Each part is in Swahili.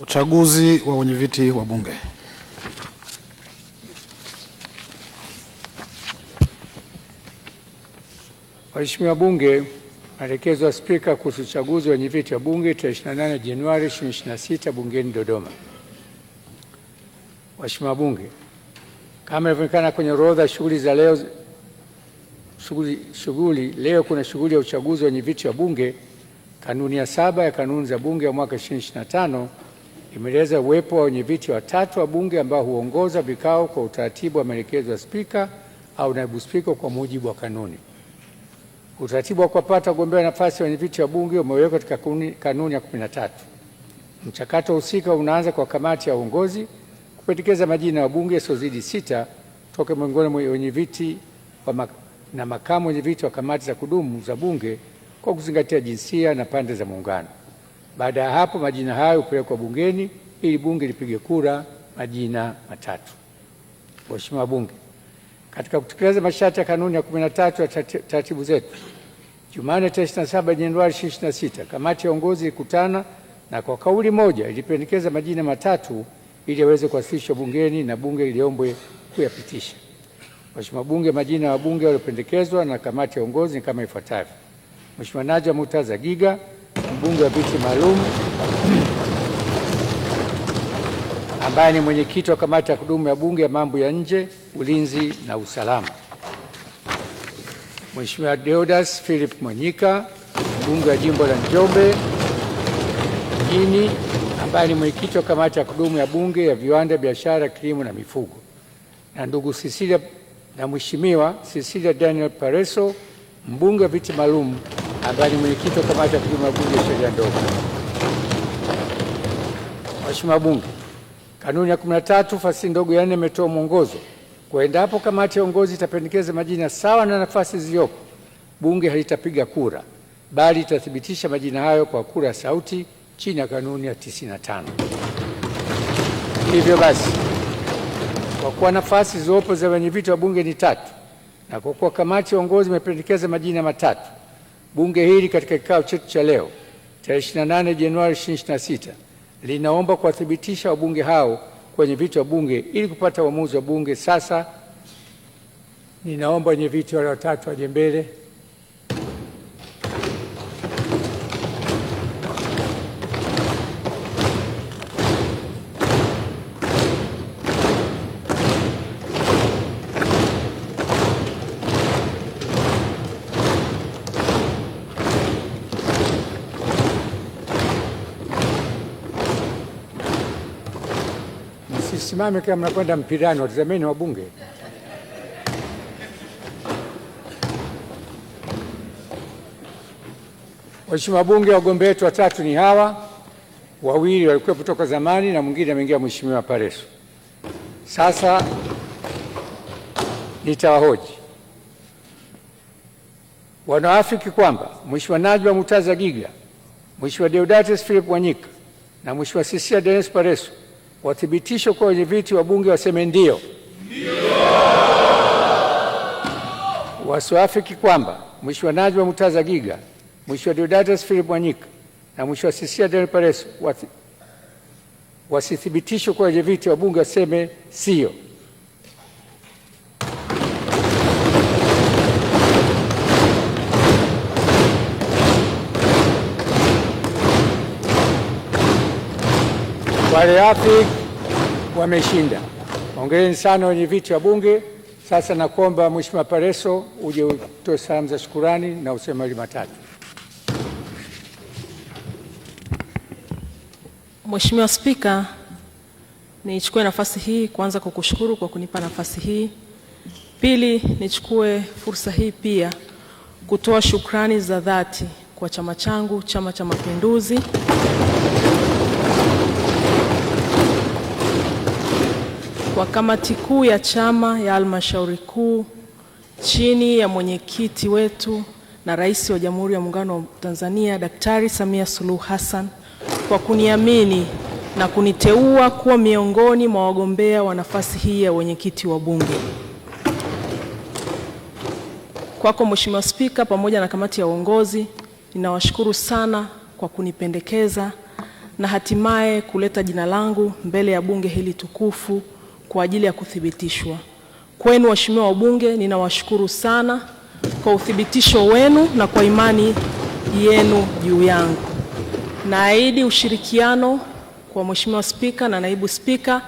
Uchaguzi wa wenyeviti wa Bunge. Waheshimiwa Bunge, maelekezo ya Spika kuhusu uchaguzi wa wenyeviti wa Bunge tarehe 28 Januari 2026 bungeni Dodoma. Waheshimiwa Bunge, kama ilivyoonekana kwenye orodha shughuli za leo shughuli, shughuli leo kuna shughuli ya uchaguzi wa wenyeviti wa Bunge. Kanuni ya saba ya kanuni za Bunge ya mwaka 2025 imeeleza uwepo wa wenyeviti watatu wa bunge ambao huongoza vikao kwa utaratibu wa maelekezo ya spika au naibu spika kwa mujibu wa kanuni. Utaratibu wa kuwapata wagombea nafasi ya wenyeviti wa bunge umewekwa katika kanuni ya 13. Mchakato husika unaanza kwa kamati ya uongozi kupendekeza majina ya wabunge yasiozidi sita toka miongoni mwa wenyeviti mak na makamu wenyeviti wa kamati za kudumu za bunge kwa kuzingatia jinsia na pande za muungano. Baada ya hapo majina hayo hupelekwa bungeni ili bunge lipige kura majina matatu. Mheshimiwa Bunge, katika kutekeleza masharti ya kanuni ya 13 ya taratibu zetu, Jumanne tarehe 27 Januari 2026 kamati ya uongozi ilikutana na kwa kauli moja ilipendekeza majina matatu ili yaweze kuwasilishwa bungeni na bunge liombwe kuyapitisha. Mheshimiwa Bunge, majina ya wabunge waliopendekezwa na kamati ya uongozi ni kama ifuatavyo: Mheshimiwa Naja Murtaza Giga mbunge wa viti maalum ambaye ni mwenyekiti wa kamati ya kudumu ya bunge ya mambo ya nje, ulinzi na usalama. Mheshimiwa Deodas Philip Mwanyika mbunge wa jimbo la Njombe mjini ambaye ni mwenyekiti wa kamati ya kudumu ya bunge ya viwanda, biashara, kilimo na mifugo, na ndugu Cecilia na Mheshimiwa Cecilia Daniel Pareso mbunge wa viti maalum ambaye ni mwenyekiti wa kamati ya kudumu ya Bunge ya sheria ndogo. Mheshimiwa bunge kanuni ya 13 fasili ndogo ya 4 imetoa mwongozo kwa kamati ya uongozi itapendekeza majina sawa na nafasi zilizopo, bunge halitapiga kura bali itathibitisha majina hayo kwa kura ya sauti chini ya kanuni ya 95. Hivyo basi, kwa kuwa nafasi zilizopo za wenyeviti wa bunge ni tatu na kwa kuwa kamati ya uongozi imependekeza majina matatu Bunge hili katika kikao chetu cha leo tarehe 28 Januari 2026 linaomba kuwathibitisha wabunge hao kwenye viti vya Bunge ili kupata uamuzi wa Bunge. Sasa ninaomba wenye viti wale watatu waje mbele. msisimame kama mnakwenda mpirani, watazameni wabunge. Waheshimiwa wabunge, wagombea wetu watatu ni hawa, wawili walikuwa kutoka zamani na mwingine ameingia, Mheshimiwa Pareso. Sasa nitawahoji wanaafiki kwamba Mheshimiwa Najwa Mutaza Giga, Mheshimiwa Deodatus Philip Wanyika na Mheshimiwa Sisia Dennis Pareso wathibitisho kuwa wenye viti wa bunge waseme ndio, wasiwafiki kwamba Mheshimiwa Najwa Mutaza Giga, Mheshimiwa Deodatus Philip Mwanyika na Mheshimiwa Sisia Daniel Pareso wasithibitishwe kuwa wenye viti wa bunge waseme sio. Wareafi wameshinda. Hongereni sana wenye viti wa Bunge. Sasa nakuomba Mheshimiwa Pareso uje utoe salamu za shukurani na useme mawili matatu. Mheshimiwa Spika, nichukue nafasi hii kwanza kukushukuru kwa kunipa nafasi hii. Pili, nichukue fursa hii pia kutoa shukrani za dhati kwa chama changu, Chama cha Mapinduzi. wa kamati kuu ya chama ya halmashauri kuu chini ya mwenyekiti wetu na Rais wa Jamhuri ya Muungano wa Tanzania Daktari Samia Suluhu Hassan kwa kuniamini na kuniteua kuwa miongoni mwa wagombea wa nafasi hii ya wenyekiti wa Bunge. Kwako Mheshimiwa Spika, pamoja na kamati ya uongozi, ninawashukuru sana kwa kunipendekeza na hatimaye kuleta jina langu mbele ya bunge hili tukufu kwa ajili ya kuthibitishwa. Kwenu waheshimiwa wabunge, ninawashukuru sana kwa uthibitisho wenu na kwa imani yenu juu yangu. Naahidi ushirikiano kwa Mheshimiwa Spika na Naibu Spika,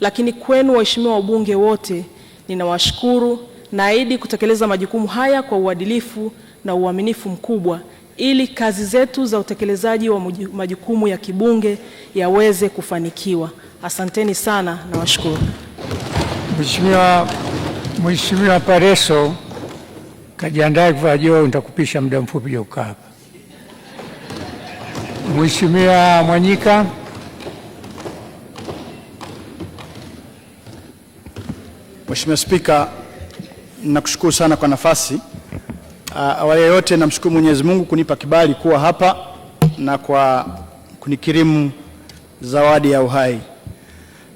lakini kwenu waheshimiwa wabunge wote ninawashukuru. Naahidi kutekeleza majukumu haya kwa uadilifu na uaminifu mkubwa ili kazi zetu za utekelezaji wa majukumu ya kibunge yaweze kufanikiwa. Asanteni sana, nawashukuru. Mheshimiwa Mheshimiwa Pareso, kajiandae kuvajua nitakupisha muda mfupi wa kukaa hapa. Mheshimiwa Mwanyika. Mheshimiwa Spika, nakushukuru sana kwa nafasi. Ah, awali ya yote namshukuru Mwenyezi Mungu kunipa kibali kuwa hapa na kwa kunikirimu zawadi ya uhai.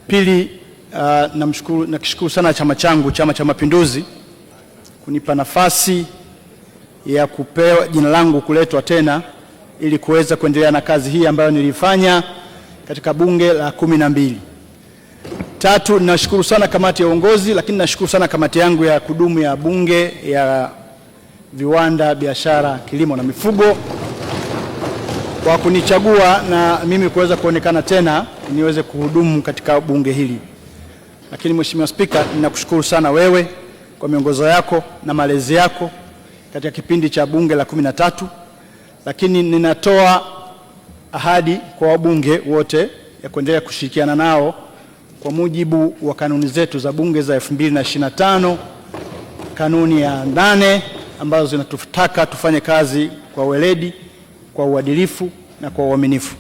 Pili, Uh, nakishukuru sana chama changu Chama cha Mapinduzi kunipa nafasi ya kupewa jina langu kuletwa tena ili kuweza kuendelea na kazi hii ambayo nilifanya katika bunge la kumi na mbili. Tatu, nashukuru sana kamati ya uongozi, lakini nashukuru sana kamati yangu ya kudumu ya bunge ya viwanda, biashara, kilimo na mifugo kwa kunichagua na mimi kuweza kuonekana tena niweze kuhudumu katika bunge hili. Lakini Mheshimiwa Spika, ninakushukuru sana wewe kwa miongozo yako na malezi yako katika kipindi cha bunge la kumi na tatu, lakini ninatoa ahadi kwa wabunge wote ya kuendelea kushirikiana nao kwa mujibu wa kanuni zetu za bunge za 2025 kanuni ya nane ambazo zinatutaka tufanye kazi kwa weledi, kwa uadilifu na kwa uaminifu.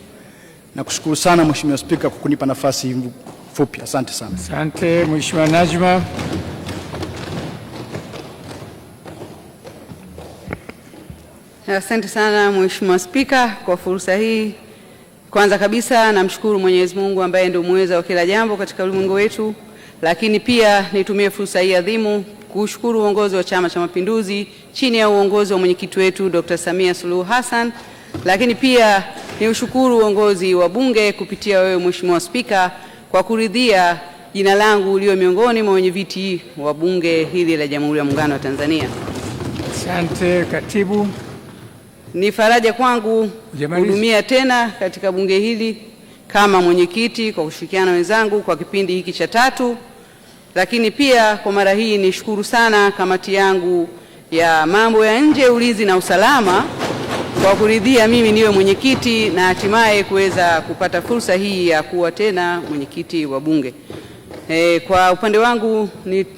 Nakushukuru sana Mheshimiwa Spika kwa kunipa nafasi hii fupi. Asante sana. Asante Mheshimiwa Najma. Asante sana Mheshimiwa Spika kwa fursa hii. Kwanza kabisa namshukuru Mwenyezi Mungu ambaye ndio muweza wa kila jambo katika ulimwengu wetu, lakini pia nitumie fursa hii adhimu kushukuru uongozi wa Chama cha Mapinduzi chini ya uongozi wa mwenyekiti wetu Dr. Samia Suluhu Hassan, lakini pia ni ushukuru uongozi wa Bunge kupitia wewe Mheshimiwa Spika kwa kuridhia jina langu ulio miongoni mwa wenyeviti wa bunge hili la Jamhuri ya Muungano wa Tanzania. Asante katibu. Ni faraja kwangu kuhudumia tena katika bunge hili kama mwenyekiti kwa kushirikiana wenzangu kwa kipindi hiki cha tatu, lakini pia kwa mara hii nishukuru sana kamati yangu ya mambo ya nje, ulinzi na usalama kwa kuridhia mimi niwe mwenyekiti na hatimaye kuweza kupata fursa hii ya kuwa tena mwenyekiti wa Bunge. E, kwa upande wangu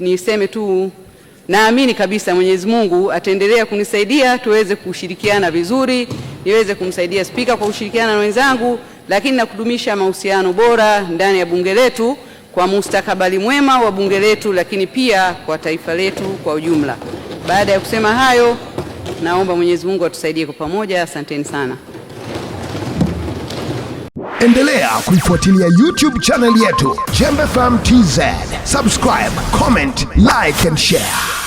niseme ni tu naamini kabisa Mwenyezi Mungu ataendelea kunisaidia tuweze kushirikiana vizuri, niweze kumsaidia Spika kwa kushirikiana na wenzangu, lakini na kudumisha mahusiano bora ndani ya bunge letu kwa mustakabali mwema wa bunge letu, lakini pia kwa taifa letu kwa ujumla. Baada ya kusema hayo Naomba Mwenyezi Mungu atusaidie kwa pamoja. Asanteni sana. Endelea kuifuatilia YouTube channel yetu Jembe FM TZ. Subscribe, comment, like and share.